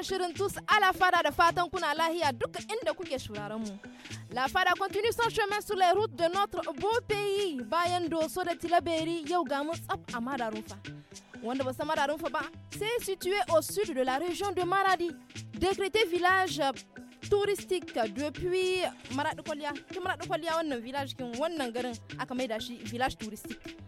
kan shirin tous à la fada da fatan kuna lahiya duk inda kuke shuraren mu. La fada continue son chemin sur les routes de notre beau pays bayan doso da tilaberi yau ga mu tsaf a mararin fa. Wanda ba san ba c'est situé au sud de la région de Maradi, décrété village touristique depuis Maradi Kolia. Ki Maradi Kolia wannan village kin wannan garin aka maida shi village touristique.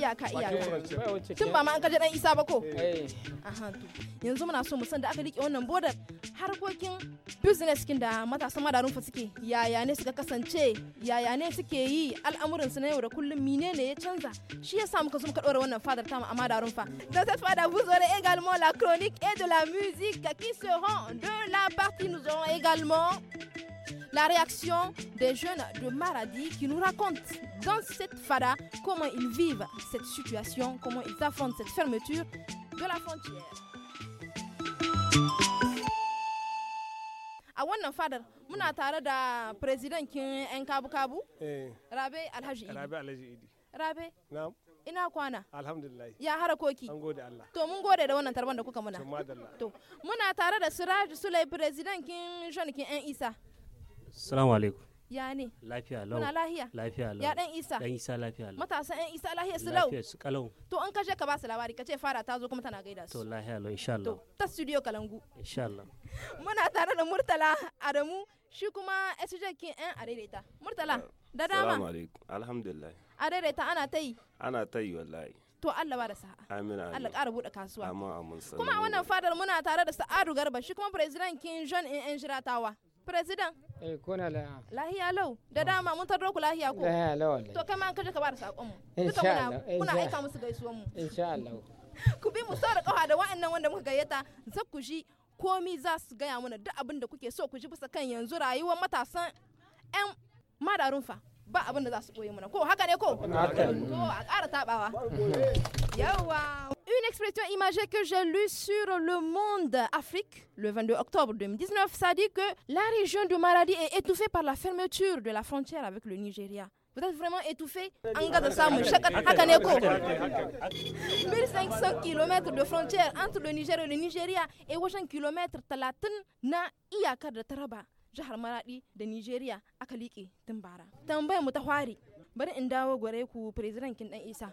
dans eh. eh. cette vous aurez également la chronique et de la musique qui seront de la partie nous aurons également la réaction des jeunes de Maradi qui nous racontent dans cette fada comment ils vivent cette situation, comment ils affrontent cette fermeture de la frontière. a wannan fadar muna tare da president kin yan kabu-kabu eh. rabe alhaji idi rabe alhaji idi rabe na'am ina kwana alhamdulillah ya harakoki an gode Allah to mun gode da wannan tarban da kuka muna to muna tare da Siraj Sulai president kin John kin yan Isa salamu alaikum. Ya ne? Lafiya lau. Kuna lafiya? Lafiya lau. Ya dan Isa? Dan Isa lafiya lau. Matasan ɗan Isa lafiya su lau. Lafiya su kalau. To an kashe ka ba su labari ka ce fara ta zo kuma tana gaida su. To lafiya lau insha Allah. To ta studio Kalangu. Insha Allah. Muna tare da Murtala Adamu shi kuma SJ kin ɗan Arereta. Murtala da dama. salamu alaikum. Alhamdulillah. Arereta ana ta yi. Ana ta yi wallahi. to Allah ba da sa'a amin Allah ƙara buɗe kasuwa amin amin kuma a wannan fadar muna tare da Sa'adu Garba shi kuma president King John in tawa president eh na la lahiya lau da dama mun tarro ku lahiya ko lahiya lau wallahi to kai ma kaje ka ba da sakon mu duka muna kuna aika musu gaisuwan mu insha Allah ku bi mu sau da kafa da wa'annan wanda muka gayyata za ku ji komi za su gaya mana duk abin da kuke so ku ji bisa kan yanzu rayuwar matasan 'yan madarun fa ba abin da za su koyi mana ko haka ne ko to a ƙara tabawa yawa une expression imagée que j'ai lue sur Le Monde Afrique le 22 octobre 2019. Ça dit que la région du Maradi est étouffée par la fermeture de la frontière avec le Nigeria. Vous êtes vraiment étouffé. 1500 km de frontière entre le Niger et le Nigeria et 100 km de na Iaka de Taraba, Jahar Maradi de Nigeria Akaliki, Maradi. bara. Bari Isa.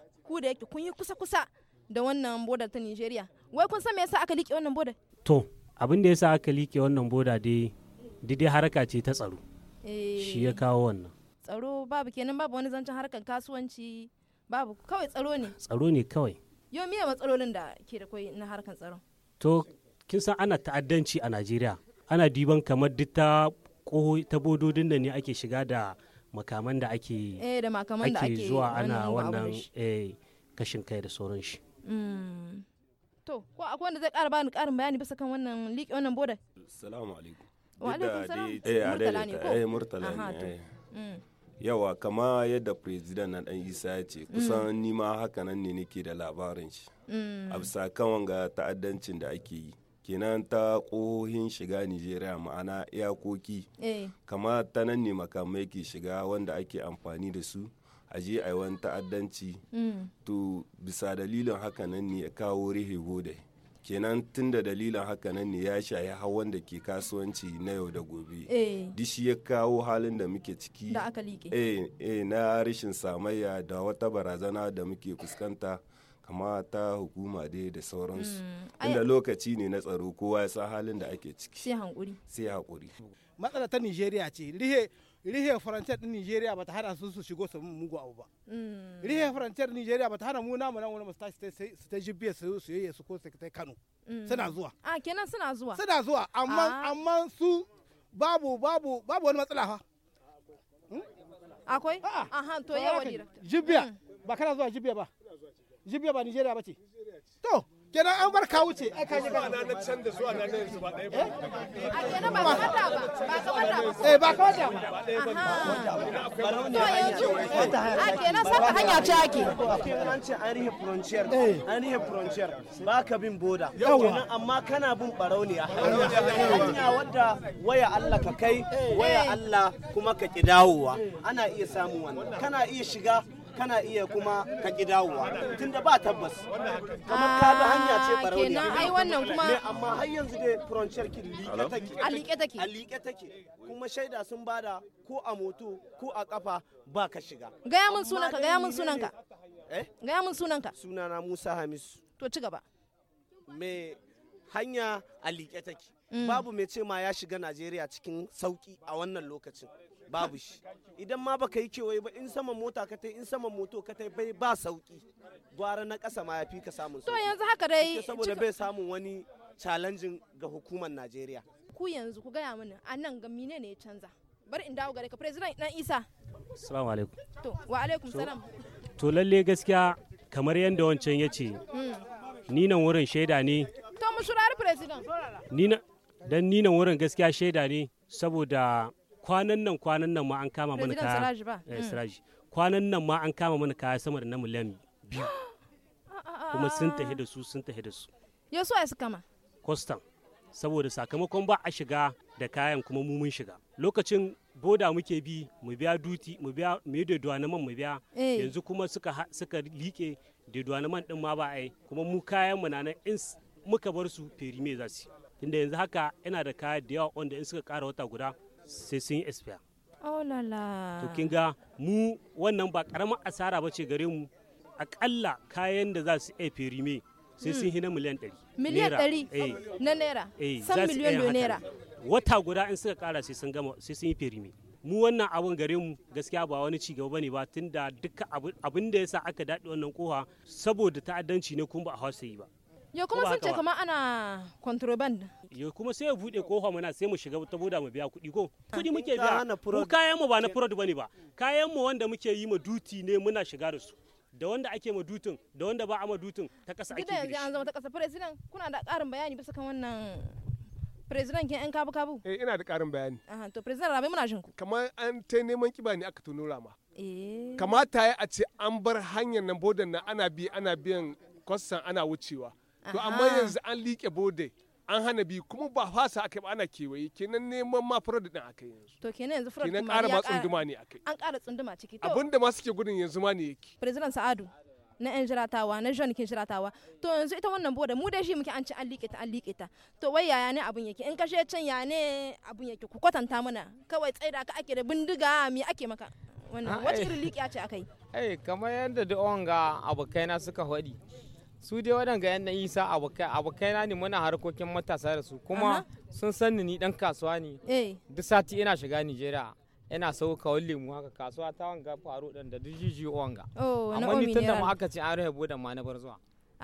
da wannan boda ta Nigeria wai kun san me yasa aka liƙe wannan boda to abin da yasa aka liƙe wannan boda dai dai haraka ce ta tsaro eh. shi ya kawo wannan tsaro babu kenan babu wani zancen harkar kasuwanci babu kawai tsaro ne tsaro ne kawai yau miya matsalolin da ke da kai na harkar tsaro to kin san ana ta'addanci a Najeriya ana diban kamar duk ta ta bododin da ne ake shiga da makaman da ake eh, zuwa ana wannan eh, kashin kai da sauran shi Mm. to ko akwai wanda zai kara bani karin bayani bisa kan wannan liƙe wannan boda assalamu alaikum wa alaikum salam eh murtala ne eh, eh. Mm. yawa kama yadda president na dan isa ya ce kusan mm. nima haka nan ne nake da labarin shi a bisa kan wanga ta'addancin da ake yi kenan ta kohin shiga nigeria ma'ana iyakoki eh. kama ta nan ne makamai ke shiga wanda ake amfani da su a je a yi wani ta'addanci mm. to bisa dalilin haka nan ne ya kawo rihe gode kenan tun da dalilin haka nan ne ya shayi hawan da ke kasuwanci na yau da gobe eh. dishi ya kawo halin da muke ciki da aka liƙe eh, eh na rashin samayya da wata barazana da muke fuskanta kama ta hukuma dai da sauransu mm. inda lokaci ne na tsaro kowa ya san halin da ake ciki sai hankuri hakuri matsala ta nigeria ce rihe rihe farantar din Nigeria bata hana su su shigo su mugu abu ba mm. rihe farantar Nigeria bata hana mu namu nan wani mustashi su ta jibbiya su yi yayye su ko su ta Kano mm. suna zuwa a ah, kenan suna zuwa suna zuwa amma ah. amma su babu babu babu wani matsala fa hmm? akwai aha to yawa jibbiya mm. ba kana zuwa jibbiya ba jibbiya ba Nigeria ba ce to kenan an bar ka wuce ai ka ji ba na can da zuwa na yanzu ba dai ba eh? a kenan ba kamar da ba ba kamar da ba eh ba kamar da ba to yanzu eh, a kenan saka hanya ce ake an ce an rihe frontier eh. an rihe frontier ba ka bin boda kenan amma kana bin barau ne a hanya hanya wadda waya Allah ka kai waya Allah kuma ka ki dawowa ana iya samu wannan kana iya shiga kana iya kuma ka ki dawowa tunda ba tabbas kamar ka ah, hanya ce ai wannan kuma amma har yanzu dai furanciyar ki liƙe take a liƙe take a liƙe take kuma shaida sun bada ko a moto ko a kafa ba ka shiga gaya mun sunanka gaya mun sunanka eh gaya mun sunanka sunana Musa Hamisu to ci gaba me hanya a liƙe take mm. babu mai ce ma ya shiga Najeriya cikin sauki a wannan lokacin babu shi idan ma baka yi kewaye ba in sama mota ka tai in sama moto ka tai bai ba sauki gwara na kasa ma yafi ka samun to yanzu haka dai saboda bai samun wani challenging ga hukumar Najeriya ku yanzu ku gaya mana a nan ga mine ne ya canza bar in dawo gare ka president dan Isa assalamu alaikum to wa alaikum salam to lalle gaskiya kamar yanda wancan ya ce hmm. ni nan wurin shaida ne to mu surari president ni dan ni nan wurin gaskiya shaida ne saboda kwanan nan kwanan nan ma an kama mana kaya eh, mm. siraji kwanan nan ma an kama mana kaya sama da na miliyan biyu kuma sun tafi da su sun tafi da su ya so su kama kostan saboda sakamakon ba a shiga da kayan kuma mu mun shiga lokacin boda muke bi mu biya duti mu biya mu da man mu biya eh. yanzu kuma suka suka like da man din ma ba ai kuma mu kayan mu na nan in muka bar su ferime za su tunda yanzu haka yana da kaya da yawa wanda in suka kara wata guda sai sun yi espiya. oh la. to kin ga mu wannan ba karamar asara ba ce gare mu akalla kayan da za su iya firime sai sun hmm. hina miliyan ɗari. Miliyan ɗari eh. na naira. Eh, San miliyan da naira. Wata guda in suka kara sai sun gama sai sun yi firime Mu wannan abun gare mu gaskiya ba wani ci gaba bane ba tunda duka abin da yasa aka daɗe wannan koha saboda ta'addanci ne kuma ba a hausa yi ba. yo kuma sun ce kamar ana contraband yo kuma sai ya bude kofa muna sai mu shiga ta boda mu biya kuɗi ko ah. kuɗi muke biya ko kayan mu ba na fraud bane ba kayan mu wanda muke yi ma duty ne muna shiga da su da wanda ake ma dutun da wanda ba a ma dutun ta kasa ake gidan yanzu an zama ta kasa president kuna da ƙarin bayani bisa kan wannan president kin yan kabu kabu eh ina da ƙarin bayani aha to president rabe muna jin ku kamar an ta neman kiba ne aka tuno rama eh kamata ya a ce an bar hanyar nan bodan nan ana bi ana biyan kwastan ana wucewa to amma yanzu an liƙe bode an hana bi kuma ba fasa aka ba ana kewaye kenan neman ma furar da din aka yanzu to kenan yanzu furar kenan ƙara ma tsunduma ne akai an ƙara tsunduma ciki to abinda ma suke gudun yanzu ma ne yake president sa'adu na yan jiratawa na john ke jiratawa to yanzu ita wannan bode mu da shi muke an ci an liƙe ta an liƙe ta to wai yaya ne abun yake in ka she can ya ne abun yake ku kwatanta mana kawai tsaida ka ake da bindiga me ake maka wannan wacce irin liƙiya ce akai eh kamar yadda da onga abokaina suka faɗi su dai waɗanga yan isa abokai na ne muna harkokin matasa da su kuma sun sanni ni dan kasuwa ne eh. duk sati ina shiga nigeria ina sau kawon lemu haka kasuwa ta wanga faru ɗan da jiji wanga oh, amma ni da ma aka ce an rahe da ma na bar zuwa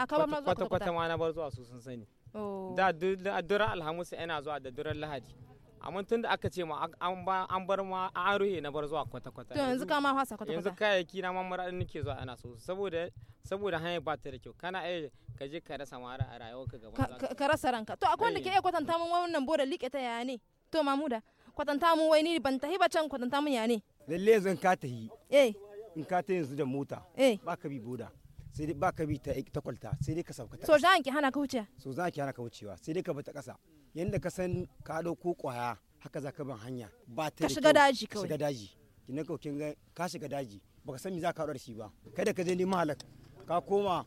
kwata kwata ma na bar zuwa su sun sani oh. da duk alhamis ina zuwa da duran lahadi amma tun da aka ce ma an bar ma an ruhe na bar zuwa kwata-kwata to yanzu ka ma fasa kwata-kwata yanzu kayayyaki na mamara din nake zuwa ana so saboda saboda hanyar ba ta da kyau kana ai ka je ka rasa mara a ka gaban ka rasa ranka to akwai wanda ke eh. iya kwatanta mun wannan boda liƙe ta yaya ne to mamuda kwatanta mun wai ni ban tahi ba can kwatanta mun ya ne lalle zan ka tahi eh in ka ta yanzu da mota eh ba ka bi boda sai dai ba ka bi ta kwalta sai dai ka sauka ta so za ki hana ka wuce so za ki hana ka wucewa sai dai ka bata kasa yanda ka san ka ɗauko ƙwaya haka za ka ban hanya ba ta shiga daji kawai shiga daji kina kawai kin ga ka shiga daji baka san me za ka da shi ba kada ka je neman halak ka koma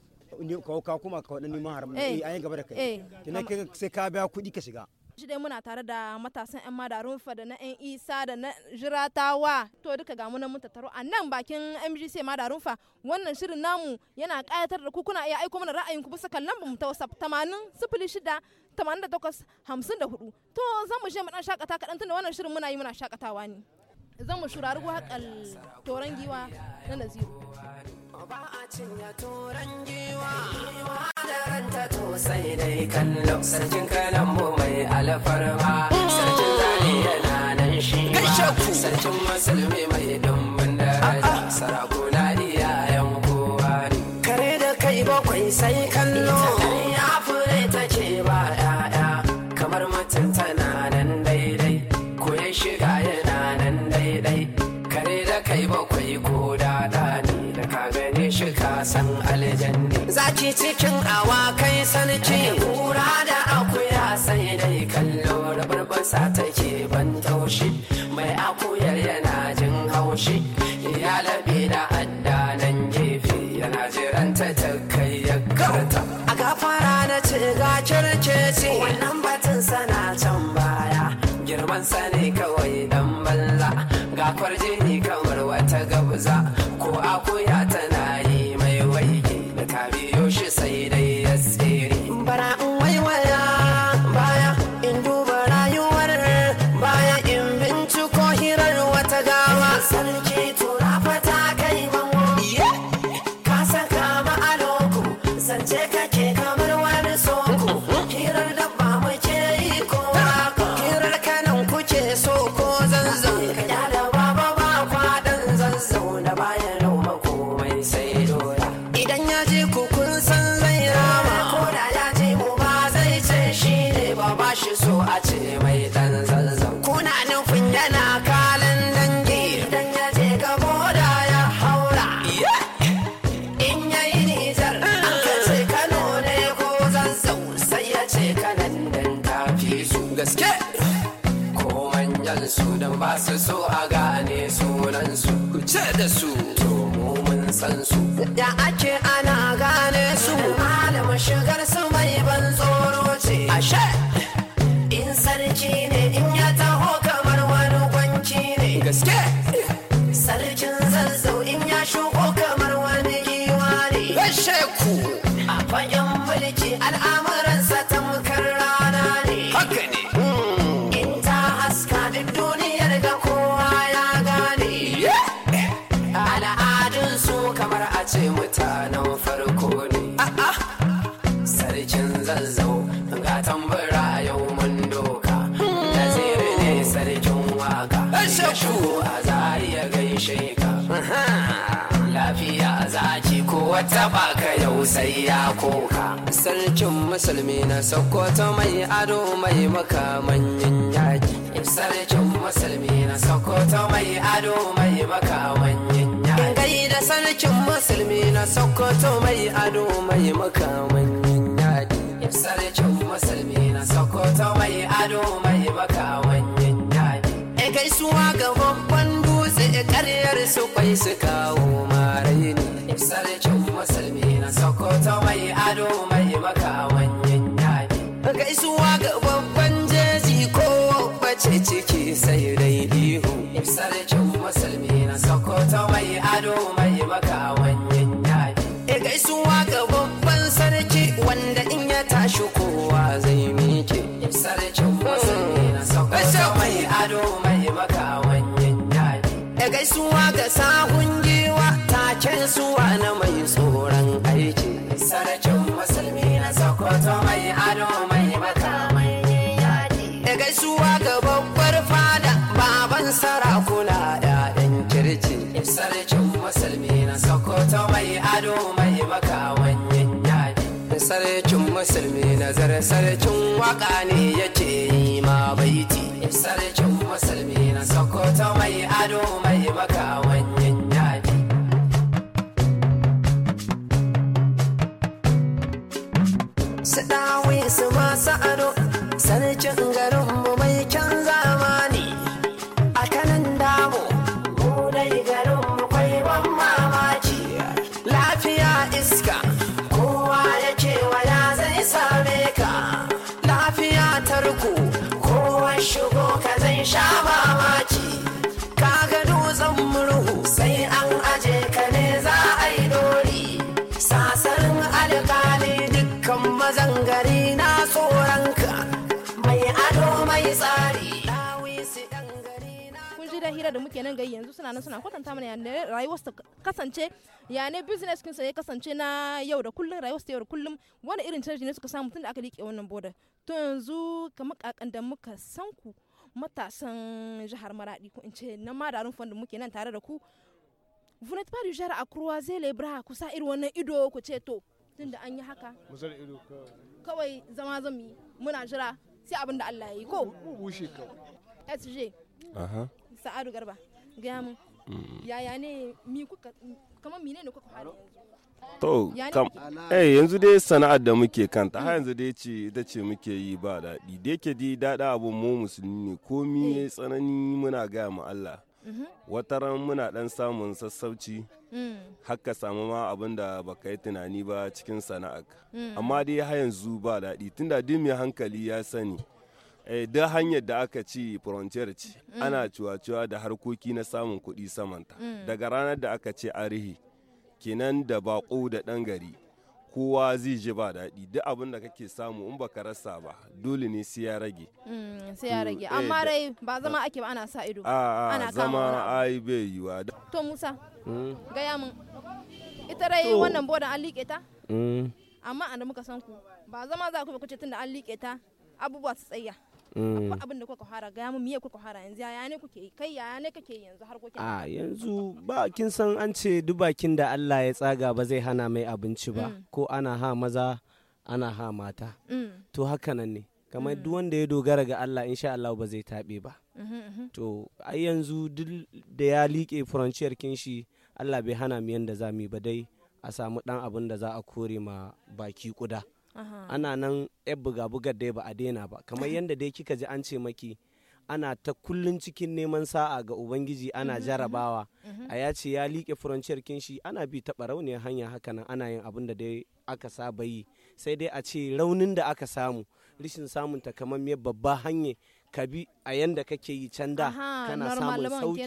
ka koma ka wadannan neman haram eh, eh an gaba da kai kina eh, kin sai ka biya kuɗi ka shiga shi dai muna tare da matasan 'yan mada rumfa da na 'yan isa da na jiratawa to duka ga munan mun tattaro a nan bakin mgc mada rumfa wannan shirin namu yana kayatar da ku kuna iya aiko mana ra'ayin ku bisa kan lambar mu ta da takwas hamsin da hudu to zan mu je mu dan shakata kaɗan tunda wannan shirin muna yi muna shakatawa ne. zan mu shurari waƙar toron giwa na naziru ba a cinya toron giwa da ranta to sai dai kallo sarkin mu mai alfarma sarkin zane yana nan shi ba sarkin musulmi mai dumbin daraja sarakuna iyayen kowa ne kare da kai bakwai sai kallo san aljanni zaki cikin awa kai sarki kura da akuya sai dai kallo rabarbasa take ban taushi mai akuyar yana jin haushi ya labe da addanan gefe yana jiranta ta kai ya karta a gafara na ce ga ce wannan batun sana can baya girman sa ne kawai dan balla ga kwarjini kamar wata gabza gaske ko manyan su don ba su so a gane sunan su ku da su to mu mun san su da ake ana gane su malama shigar su mai ban tsoro ce ashe sai ya koka sarkin musulmi na sokoto mai ado mai manyan yaki sarkin musulmi na sokoto mai ado mai manyan yaki gai da sarkin musulmi na sokoto mai ado mai manyan yaki sarkin musulmi na sokoto mai ado mai manyan yaki e gaisuwa ga babban du. da karyar su kwai su kawo marai ne sarkin musulmi na sokoto mai ado mai maka wanyan yayi gaisuwa ga babban jeji ko bace ciki sai dai gaisuwa ga sahun giwa ta taken suwa na mai tsoron aiki sarkin musulmi na sokoto mai ado mai makamai yaji gaisuwa ga babbar fada baban sarakuna ya'yan kirci sarkin musulmi na sokoto mai ado mai makawan yaji sarkin musulmi na zara sarkin waka ne yake yi ma baiti sarkin musulmi na sokoto mai ado mai maka wanyan yaki su dawe su masu ado sarkin garinmu mai kyan hira da muke nan gai yanzu suna nan suna kwatanta mana yadda rayuwar su kasance ya ne business kinsa ya kasance na yau da kullum rayuwar su yau da kullum wani irin canji ne suka samu tun da aka liƙe wannan border to yanzu kamar kakan da muka san ku matasan jihar maradi ko in ce na madarin fanda muke nan tare da ku vous n'êtes pas du genre à croiser les bras ku sa irin wannan ido ku ce to tun da an yi haka kawai zama zami muna jira sai abin da Allah ya yi ko bushe kawai sj sa'adu garba gaya mun mm. yaya ne mi kuka kamar mine ne kuka to eh yanzu dai sana'ar da muke kanta har yanzu dai ce ita ce muke yi ba daɗi da yake dai daɗa abun mu musulmi ne komi eh. ya tsanani muna gaya mu Allah mhm. wata ran muna dan samun sassauci mm. haka samu ma abin da baka yi tunani ba cikin sana'ar mm. amma dai har yanzu ba daɗi tunda dai mai hankali ya sani Eh, da hanyar da aka ci frontier ci mm. ana cuwa-cuwa da harkoki na samun kuɗi samanta mm. daga ranar da aka ce arihi kenan da baƙo da ɗan gari kowa zai ji ba daɗi duk abin da kake samu in baka rasa ba dole ne sai ya rage mm, sai ya rage eh, amma rai ba zama ake ba ana sa ido ana zama ai bai yi wa. to musa hmm? gaya mun ita rai wannan bodan an liƙe ta hmm. amma an da muka san ku ba zama za ku ba kuce tun da an liƙe ta abubuwa su tsayya akwai mm. abin da kuka fara ga mu miye kuka fara yanzu yaya ne kuke kai yaya ne kake yanzu har kuke a yanzu ba kin san an ce duk bakin da Allah ya tsaga ba zai hana mai abinci ba mm. ko ana ha maza ana ha mata mm. to haka nan ne kamar duk wanda ya dogara ga Allah insha Allah ba zai taɓe ba mm-hmm, mm-hmm. to ai yanzu duk da ya liƙe furanciyar kinshi Allah bai hana mu yanda za mu yi ba dai a samu ɗan abin da za a kore ma baki kuda ana nan yan buga-bugar dai ba a daina ba kamar yadda dai kika ji an ce maki ana ta kullun cikin neman sa'a ga ubangiji ana mhm, mhm, jarabawa mhm. a ya ce ya liƙe furanciyar kinshi ana bi taɓa rauniyar hanya haka nan ana yin abin da dai aka saba yi sai dai a ce raunin da aka samu rishin samun takamammiyar babba hanya ka bi a yanda kake yi can da kana samun sauki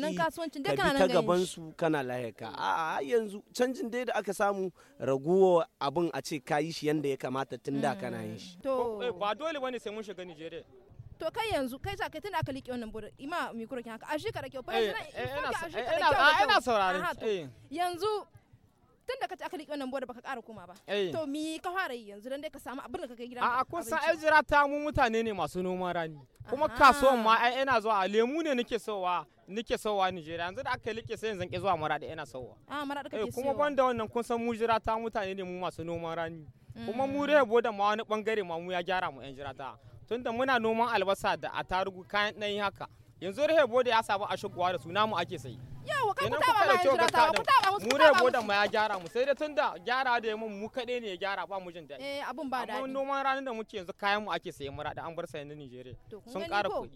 ka bi ta gaban su kana lahirka a yanzu canjin dai da aka samu raguwa abin a ce ka yi shi yanda ya kamata tun da kana yin mm, shi eh, ba dole wani sai mun shiga Nigeria to kai yanzu kai sa kai tunda aka liƙe wannan burin ima mikro kin haka a shekara eh, eh, kyau fa yanzu ina ina saurare yanzu tun da ka ci aka liƙe wannan bodar baka ƙara koma ba eh. to mi ka fara yi yanzu dan dai ka samu abin da ka kai gidan a kun san ai jira ta mu mutane ne masu noman rani kuma kasuwan ma ai ina zuwa lemu ne nake sowa nake sowa Nigeria yanzu da aka liƙe sai yanzu ke zuwa Maradi ina sowa a Maradi kake sowa eh, kuma banda wannan kun san mu jira ta mutane ne mu masu noman rani kuma mu mm. rehe bodan ma wani bangare ma mu ya gyara mu yan jira ta tunda muna noman albasa da a kayan dan haka yanzu rehe boda ya sabu a shigowa da su namu ake sayi yawa kan kuta ba mai jira ta kuta ba musu kuta ba da ma ya gyara mu sai dai tunda gyara da mun mu kadai ne ya gyara ba mu jin daɗi eh abun ba daɗi amma noman ranar da muke yanzu kayan mu ake sayan mura da an bar sayan na Nigeria sun ƙara kuɗi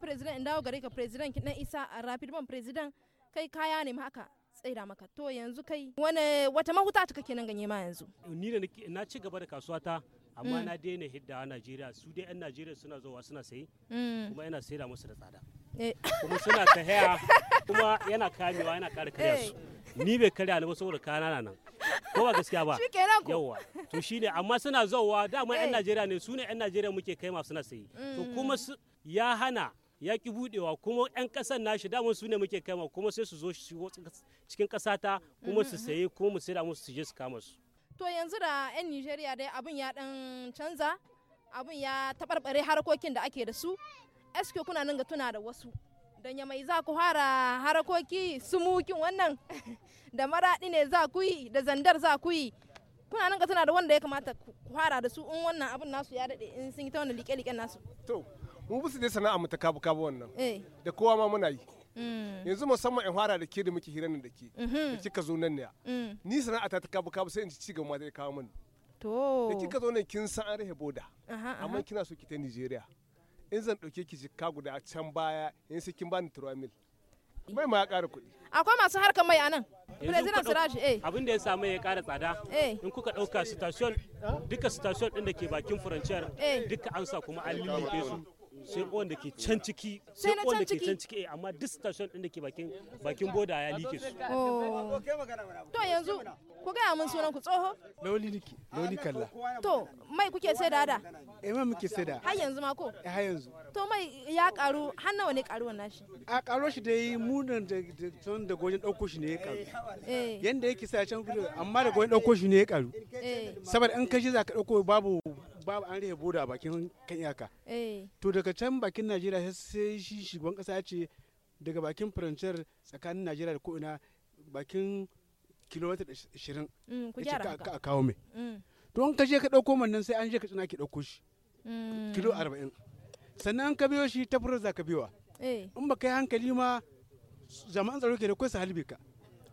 president in dawo gare ka president kin isa a rapid man president kai kaya ne ma haka tsaida maka to yanzu kai wani wata mahuta ta kake nan ganye ma yanzu ni da na ci gaba da kasuwa ta amma mm. na daina hidda a Najeriya su dai yan Najeriya suna zuwa suna sayi mm. kuma yana saida musu da tsada Eh. kuma suna ta haya kuma yana kamewa yana kare karya eh. su ni bai karya alba saboda kana nan ko ba gaskiya ba yawa to shine amma suna zauwa dama yan eh. Najeriya ne su ne yan Najeriya muke kai masu na sayi to mm. kuma ya hana ya ki budewa kuma 'yan kasar nashi dama su ne muke ma kuma sai su zo cikin kasata kuma su mm-hmm. sayi kuma mu saida musu su je su kama su. To yanzu da 'yan Nijeriya dai abin ya dan canza abin ya taɓarɓare harkokin da ake da su eske kuna nan ga tuna da wasu da ya mai za ku hara harakoki su mukin wannan da maraɗi ne za ku yi da zandar za ku yi kuna nan ga tuna da wanda ya kamata ku fara da su in wannan abin nasu ya daɗe in sun yi ta wani liƙe-liƙen nasu to mu bisu ne sana'a mu ta kabu kabu wannan eh. da kowa ma muna yi mm. yanzu musamman in fara da ke da muke hirar da ke da mhm. kika zo nan ne mm. ni sana'a ta ta kabu kabu sai in ci gaba ma da ya kawo mani to da kika zo nan kin san an rahe boda amma kina so ki ta Nigeria in zan ɗauke ki jikka guda a can baya in sai kin bani turamil. mil mai ma ya ƙara kuɗi akwai masu harkar mai anan president siraj eh abin da ya samu ya ƙara tsada eh. in kuka ɗauka station duka station ɗin da ke bakin furanciyar eh. duka an sa kuma an lulluɓe su sai kwan da ke can ciki sai kwan da ke can ciki eh, amma duk station din da ke bakin bakin boda ya like su oh. to yanzu ku gaya mun sunan ku tsoho loli niki loli kalla to mai kuke sai da da eh mai muke sai da har yanzu ma ko eh har yanzu to mai ya karu har nawa ne karuwan nashi a karo shi da yi mu da tun da gojin dauko shi ne ya karu eh, eh. yanda yake sai can gudu amma da gojin dauko shi ne ya karu saboda in kashi za ka dauko babu babu an rufe boda bakin kan iyaka eh. to daga can bakin najeriya sai shi shugaban kasa ya ce daga bakin furanciyar tsakanin najeriya da ko'ina bakin kilomita 20 mm, ya ce ka a kawo mai don mm. ka je ka ɗauko man nan sai an je ka tsina ki ɗauko shi mm. kilo arba'in sannan ka biyo shi ta furar za ka wa eh. in ba kai hankali ma jama'an tsaro ke da kwasa su halbe ka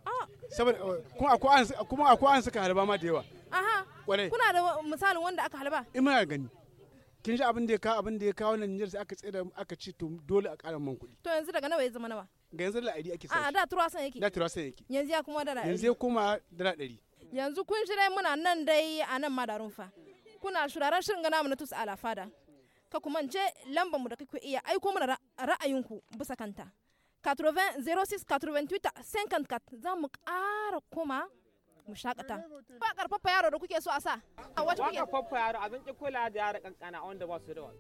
ah. eh, kuma akwai an suka halba ma da yawa kwarai kuna da misalin wanda aka halba ina eh, gani kin ji abin da ya kawo abin da ya kawo wannan Niger sai aka tsira aka ci to dole a ƙara man kuɗi to yanzu daga nawa ya zama nawa ga yanzu da ID ake sai a da turwa san yake da turwa san yake yanzu ya kuma dala yanzu ya kuma dala ɗari yanzu kun shirya muna nan dai a nan madarun fa kuna shuraren shirin gana mu na tusa alafada ka kuma ce lambar mu da kake iya aiko mana ra'ayinku bisa kanta 80 06 88 54 za mu ƙara kuma. mu shakata ba karfafa yaro da kuke so a sa a wata kuke karfafa yaro abin ki kula da yara kankana wanda ba su da wani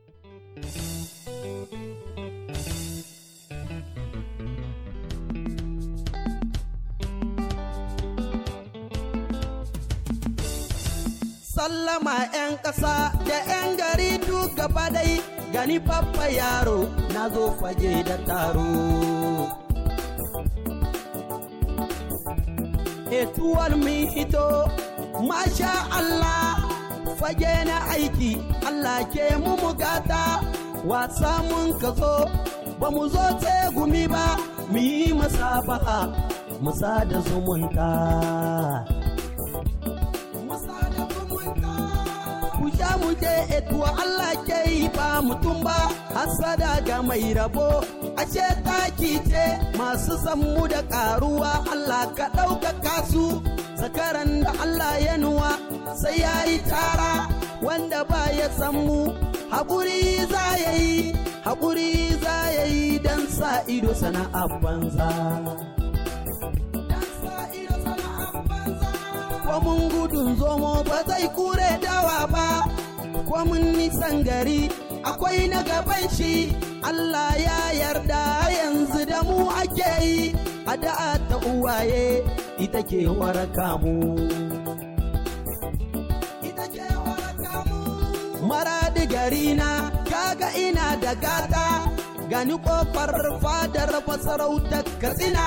Sallama 'yan ƙasa da 'yan gari duk gaba dai gani faffa yaro na zo da taro. etuwar mito ito, masha Allah fage na aiki Allah ke mu mugata wasa mun ka zo ba mu zo gumi ba mu yi masabaha musa da zumunta ku sha mu etuwa Allah ke yi ba mutum ba hasada ga mai rabo ashe taki ce masu sammu da karuwa Allah ka ɗaukaka su sakaran da Allah ya nuwa sai ya yi tara wanda ba ya sammu haƙuri za ya yi haƙuri za ya yi don sa ido sana'a banza. ko gudun zomo ba zai kure dawa ba ko nisan gari akwai na gaban shi Allah ya yarda yanzu da mu ake yi a da'a ta uwaye ita ke waraka mu maradi gari kaga ina da gata gani kofar fadar masarautar katsina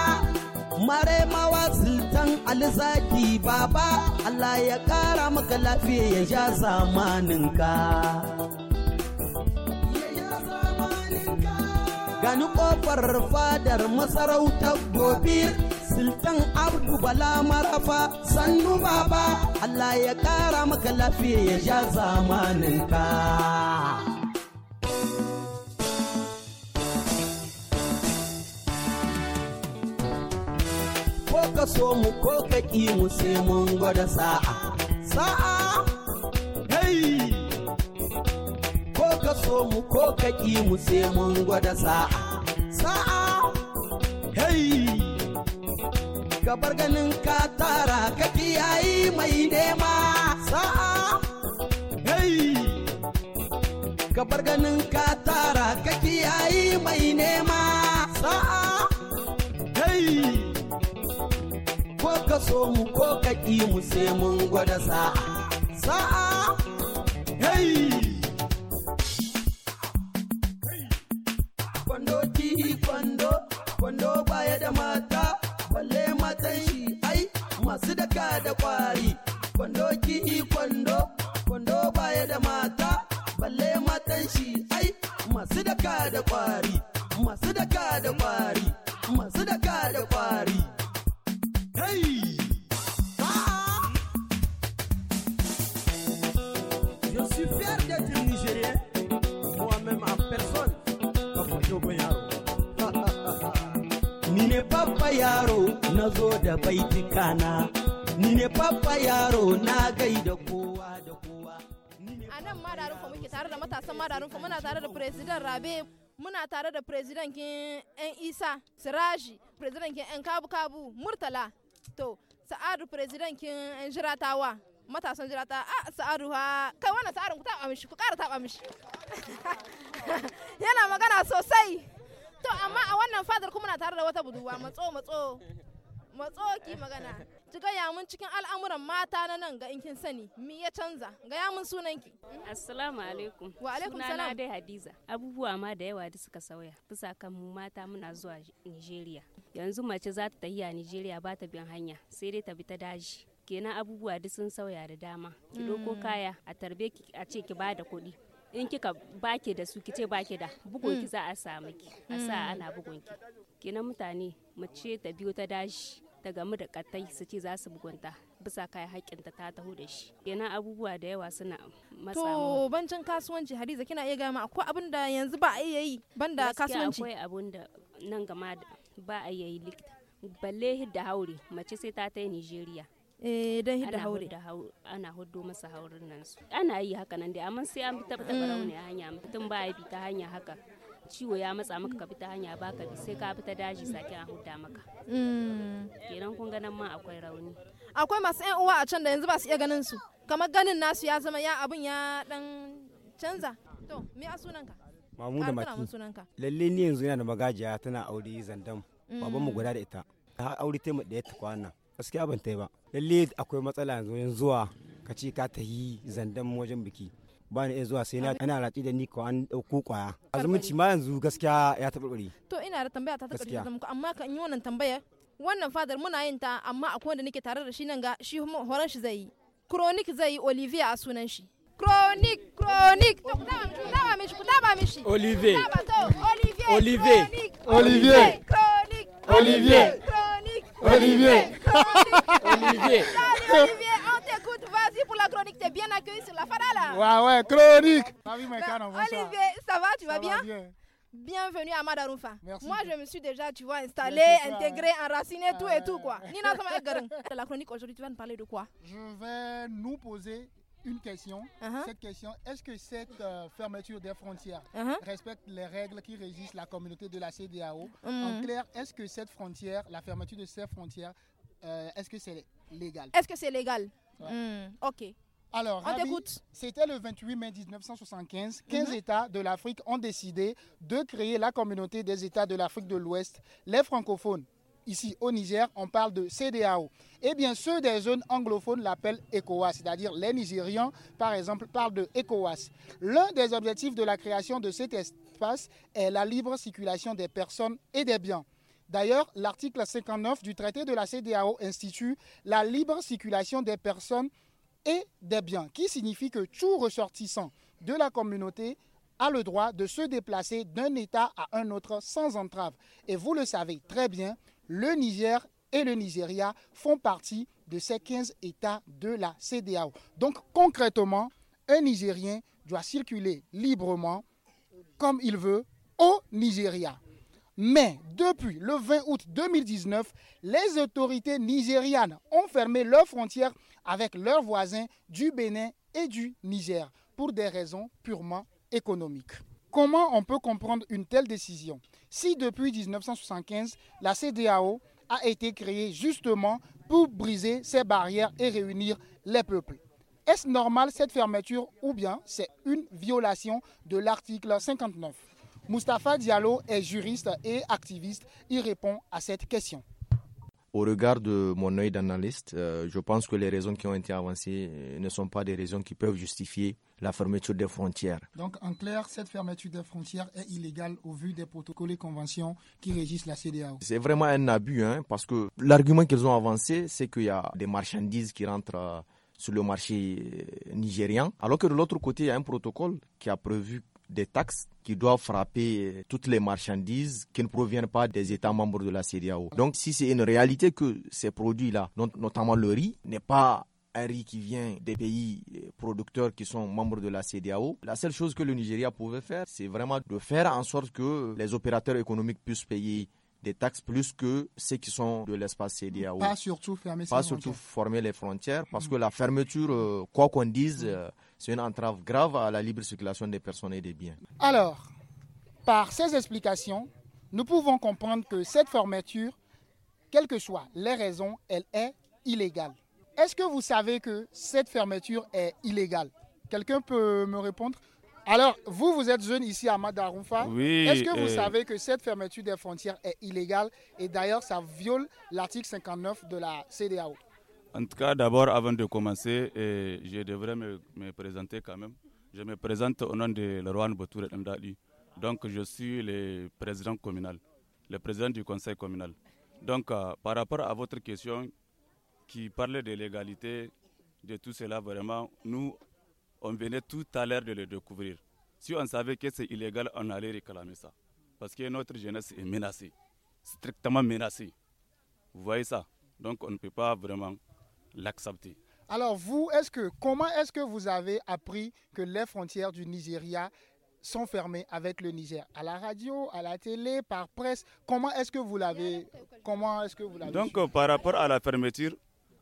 mare mawa sultan alzaki baba Allah ya kara maka lafiya ya ja ka. gani kofar fadar masarautar gobir sultan abdu bala marafa sannu baba allah ya kara maka lafiya ya zamanin ka. ko ka so mu ko ka ki mu sai mun gwada sa'a sa'a ka so mu ko ka ƙi mu sai mun gwada sa'a sa'a hey gabar ganin ka tara ka kiyayi mai nema sa'a hey gabar ganin ka tara ka kiyayi mai nema sa'a hey ko ka so mu ko ka ƙi mu sai mun gwada sa'a sa'a hey president rabe muna tare da president yan isa siraji president yan kabu kabu murtala to sa'adu president yan jiratawa matasan jirata a ah, sa'adu ha kai wannan sa'adun ku taba mishi ku kara taba mishi yana magana sosai to amma a wannan fadar kuma na tare da wata budurwa matso matso matso ki magana ki gaya mun cikin al'amuran mata na nan ga in kin sani mi ya canza gaya mun ki assalamu alaikum wa alaikum salam dai hadiza abubuwa ma da yawa da suka sauya bisa kan mu mata muna zuwa nigeria yanzu mace za ta tafiya nigeria ba ta bin hanya sai dai ta bi ta daji kenan abubuwa duk sun sauya da dama ki doko mm. kaya a tarbe a ce ki bada kuɗi in kika bake da su kice bake da bugun ki mm. za a samu ki a sa mm. ana bugun ki kenan mutane mace ta biyo ta dashi ta gamu da katai su ce za su bugunta bisa kai haƙƙinta ta taho da shi kenan abubuwa da yawa suna masa to bancin kasuwanci hadiza kina iya gama akwai abin da yanzu ba a iya yi banda kasuwanci akwai abin da nan gama ba a yi likita balle hidda haure mace sai ta ta Nigeria eh dan hidda haure ana hudu masa haurin nan su ana yi haka nan dai amma sai an bi ta mm. rauniya hanya mutum ba ya bi ta hanya haka ciwo ya matsa maka ka bi ta hanya ba bi sai ka bi ta daji sake a huta maka mm. kenan kun ganin ma akwai rauni akwai masu yan uwa a can da yanzu ba su iya ganin su kamar ganin nasu ya zama ya abun ya dan canza to me a sunanka mamu da maki lalle ni yanzu yana da magajiya tana aure zandam mm. baban mu guda da ita ta aure ta mu da ta kwana gaskiya ban ta yi ba lalle akwai matsala yanzu yanzu ka ci ka ta yi zandam wajen biki ba ni zuwa sai na ana ratsi da ni ko an dauko kwaya azumunci ma yanzu gaskiya ya tabarbare to ina da tambaya ta ta tabbata da muku amma kan yi wannan tambaya wannan fadar muna yin ta amma akwai wanda nake tare da shi nan ga shi horon shi zai yi chronic zai yi olivier a sunan shi chronic chronic to kudaba mishi kudaba mishi olivier olivier olivier chronic olivier chronic olivier olivier olivier chronique, t'es bien accueilli sur la Fada là. Ouais, ouais, chronique. Bah bah, Olivier, ça va, tu vas bien? Bienvenue à Madaroufa. Moi, je me suis déjà, tu vois, installé, hein. intégré, enraciné, tout et tout, quoi. Euh. Nina La chronique aujourd'hui, tu vas nous parler de quoi Je vais nous poser une question. Uh-huh. Cette question, est-ce que cette euh, fermeture des frontières uh-huh. respecte les règles qui régissent la communauté de la CDAO mm. En clair, est-ce que cette frontière, la fermeture de ces frontières, euh, est-ce que c'est légal Est-ce que c'est légal Hmm, ok. Alors, c'était le 28 mai 1975. 15 mhm. États de l'Afrique ont décidé de créer la communauté des États de l'Afrique de l'Ouest, les francophones. Ici au Niger, on parle de CDAO. Eh bien, ceux des zones anglophones l'appellent ECOWAS, c'est-à-dire les Nigérians, par exemple, parlent de ECOWAS. L'un des objectifs de la création de cet espace est la libre circulation des personnes et des biens. D'ailleurs, l'article 59 du traité de la CDAO institue la libre circulation des personnes et des biens, qui signifie que tout ressortissant de la communauté a le droit de se déplacer d'un État à un autre sans entrave. Et vous le savez très bien, le Niger et le Nigeria font partie de ces 15 États de la CDAO. Donc concrètement, un Nigérien doit circuler librement, comme il veut, au Nigeria. Mais depuis le 20 août 2019, les autorités nigérianes ont fermé leurs frontières avec leurs voisins du Bénin et du Niger pour des raisons purement économiques. Comment on peut comprendre une telle décision si depuis 1975, la CDAO a été créée justement pour briser ces barrières et réunir les peuples Est-ce normal cette fermeture ou bien c'est une violation de l'article 59 Mustapha Diallo est juriste et activiste. Il répond à cette question. Au regard de mon œil d'analyste, euh, je pense que les raisons qui ont été avancées euh, ne sont pas des raisons qui peuvent justifier la fermeture des frontières. Donc en clair, cette fermeture des frontières est illégale au vu des protocoles et conventions qui régissent la CDAO. C'est vraiment un abus, hein, parce que l'argument qu'ils ont avancé, c'est qu'il y a des marchandises qui rentrent. Euh, sur le marché nigérian, alors que de l'autre côté, il y a un protocole qui a prévu des taxes qui doivent frapper euh, toutes les marchandises qui ne proviennent pas des États membres de la CDAO Donc si c'est une réalité que ces produits-là, notamment le riz, n'est pas un riz qui vient des pays euh, producteurs qui sont membres de la CDAO. La seule chose que le Nigeria pouvait faire, c'est vraiment de faire en sorte que les opérateurs économiques puissent payer des taxes plus que ceux qui sont de l'espace CDAO. Pas surtout fermer, Pas surtout former les frontières, parce hmm. que la fermeture, euh, quoi qu'on dise, c'est une entrave grave à la libre circulation des personnes et des biens. Alors, par ces explications, nous pouvons comprendre que cette fermeture, quelles que soient les raisons, elle est illégale. Est-ce que vous savez que cette fermeture est illégale Quelqu'un peut me répondre alors, vous, vous êtes jeune ici à Madaroufa. Oui, Est-ce que vous euh, savez que cette fermeture des frontières est illégale et d'ailleurs, ça viole l'article 59 de la CDAO en tout cas, d'abord, avant de commencer, eh, je devrais me, présenter quand même. Je me présente au nom de Leroy et Ndali. Donc, je suis le président communal, le président du conseil communal. Donc, euh, par rapport à votre question qui parlait de l'égalité, de tout cela, vraiment, nous, on venait tout à l'heure de le découvrir. Si on savait que c'est illégal, on allait réclamer ça. Parce que notre jeunesse est menacée, strictement menacée. Vous voyez ça Donc, on ne peut pas vraiment l'accepter. Alors vous, est que comment est-ce que vous avez appris que les frontières du Nigeria sont fermées avec le Niger À la radio, à la télé, par presse, comment est-ce que vous l'avez comment est-ce que vous Donc par rapport à la fermeture,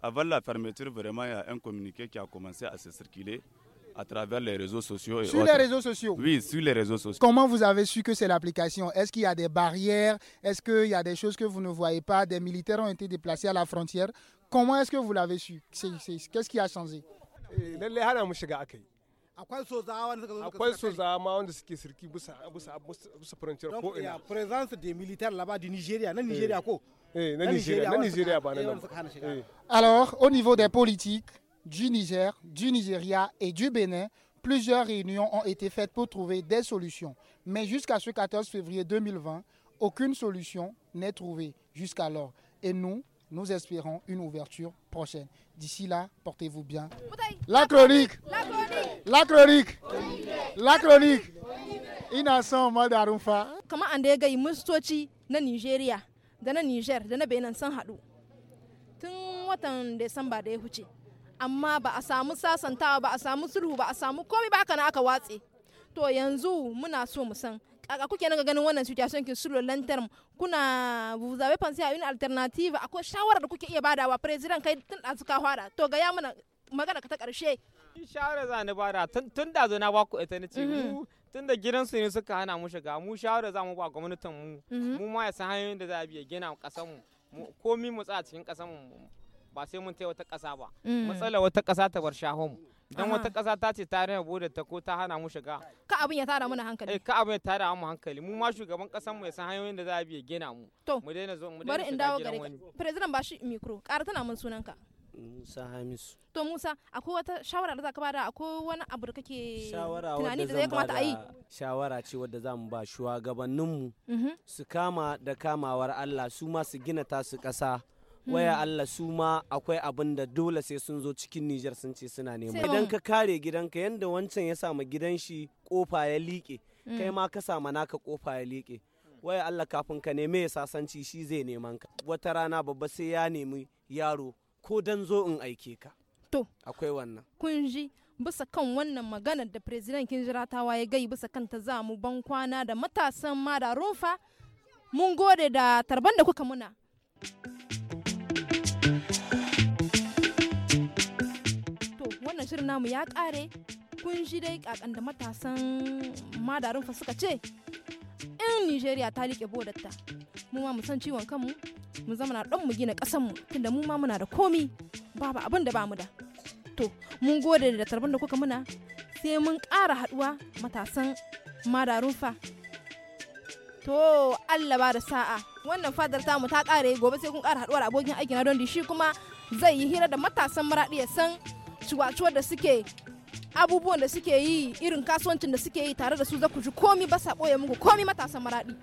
avant la fermeture, vraiment il y a un communiqué qui a commencé à se circuler à travers les réseaux sociaux. sur les réseaux sociaux Oui, sur les réseaux sociaux. Comment vous avez su que c'est l'application Est-ce qu'il y a des barrières Est-ce qu'il y a des choses que vous ne voyez pas Des militaires ont été déplacés à la frontière Comment est-ce que vous l'avez su Qu'est-ce qui a changé eh, Il des militaires là-bas du Nigeria eh, eh. alors au niveau des politiques du Niger du Nigeria et du Bénin plusieurs réunions ont été faites pour trouver des solutions mais jusqu'à ce 14 février 2020 aucune solution n'est trouvée jusqu'alors et nous nous espérons une ouverture prochaine. D'ici là, portez-vous bien. La chronique La chronique La chronique chronique. Comment To A kuke nan ganin wannan situation ki sur long term kuna vous avez pensé à une alternative akwai shawara da kuke iya badawa president kai tun da suka fara to ga ya mana magana ka ta karshe shawara za ni bada tun da zo na ba ku ita mhm. tun da gidansu ne suka hana mu shiga mu shawara za mu ba gwamnatin mu mhm. mu ma ya san hanyoyin da za a biya gina kasan mu komi mu tsaya cikin kasan mu ba sai mun tai wata kasa ba mm. matsala wata kasa ta bar shahon mu don wata ƙasa ta ce ta rena bodar ta ko ta hana mu shiga ka abin ya tara mana hankali eh ka abin ya tara mu hankali mu ma shugaban ƙasar mu ya san hanyoyin da za a bi ya gina mu to mu daina zo mu daina bari in dawo president ba shi micro ƙara tana mun sunanka Musa Hamisu. To Musa, akwai wata shawara da za ka bada akwai wani abu da kake tunani da zai kamata a yi? Shawara ce wadda za mu ba shugabanninmu mhm. su kama da kamawar Allah su ma su gina tasu ƙasa Hmm. waya hmm. Allah su ma akwai abin da dole sai sun zo cikin Nijar sun ce suna nema idan ka kare gidanka yadda wancan ya samu gidan shi kofa ya liƙe hmm. kai ma ka samu naka kofa ya liƙe waya Allah kafin ka neme ya sasanci shi zai neman ka wata rana babba sai ya nemi yaro ko dan zo in aike ka to akwai wannan kun ji bisa kan wannan maganar da president ta ya gai bisa kanta za mu ban kwana da matasan ma da rumfa mun gode da tarban da kuka muna. nan shirin namu ya kare kun shi dai kakan da matasan madarin fa suka ce in Nigeria ta liƙe bodatta mu ma mu san ciwon kanmu mu zama na ɗan mu gina mu tunda mu ma muna da komi babu abin da bamu da to mun gode da tarban da kuka muna sai mun ƙara haɗuwa matasan madarin fa to Allah ba da sa'a wannan fadar ta mu ta ƙare gobe sai kun ƙara haɗuwa da abokin aiki na don shi kuma zai yi hira da matasan maraɗi ya san wato da suke abubuwan da suke yi irin kasuwancin da suke yi tare da su za ku ji komi ba sa ɓoye muku komi matasan maraɗi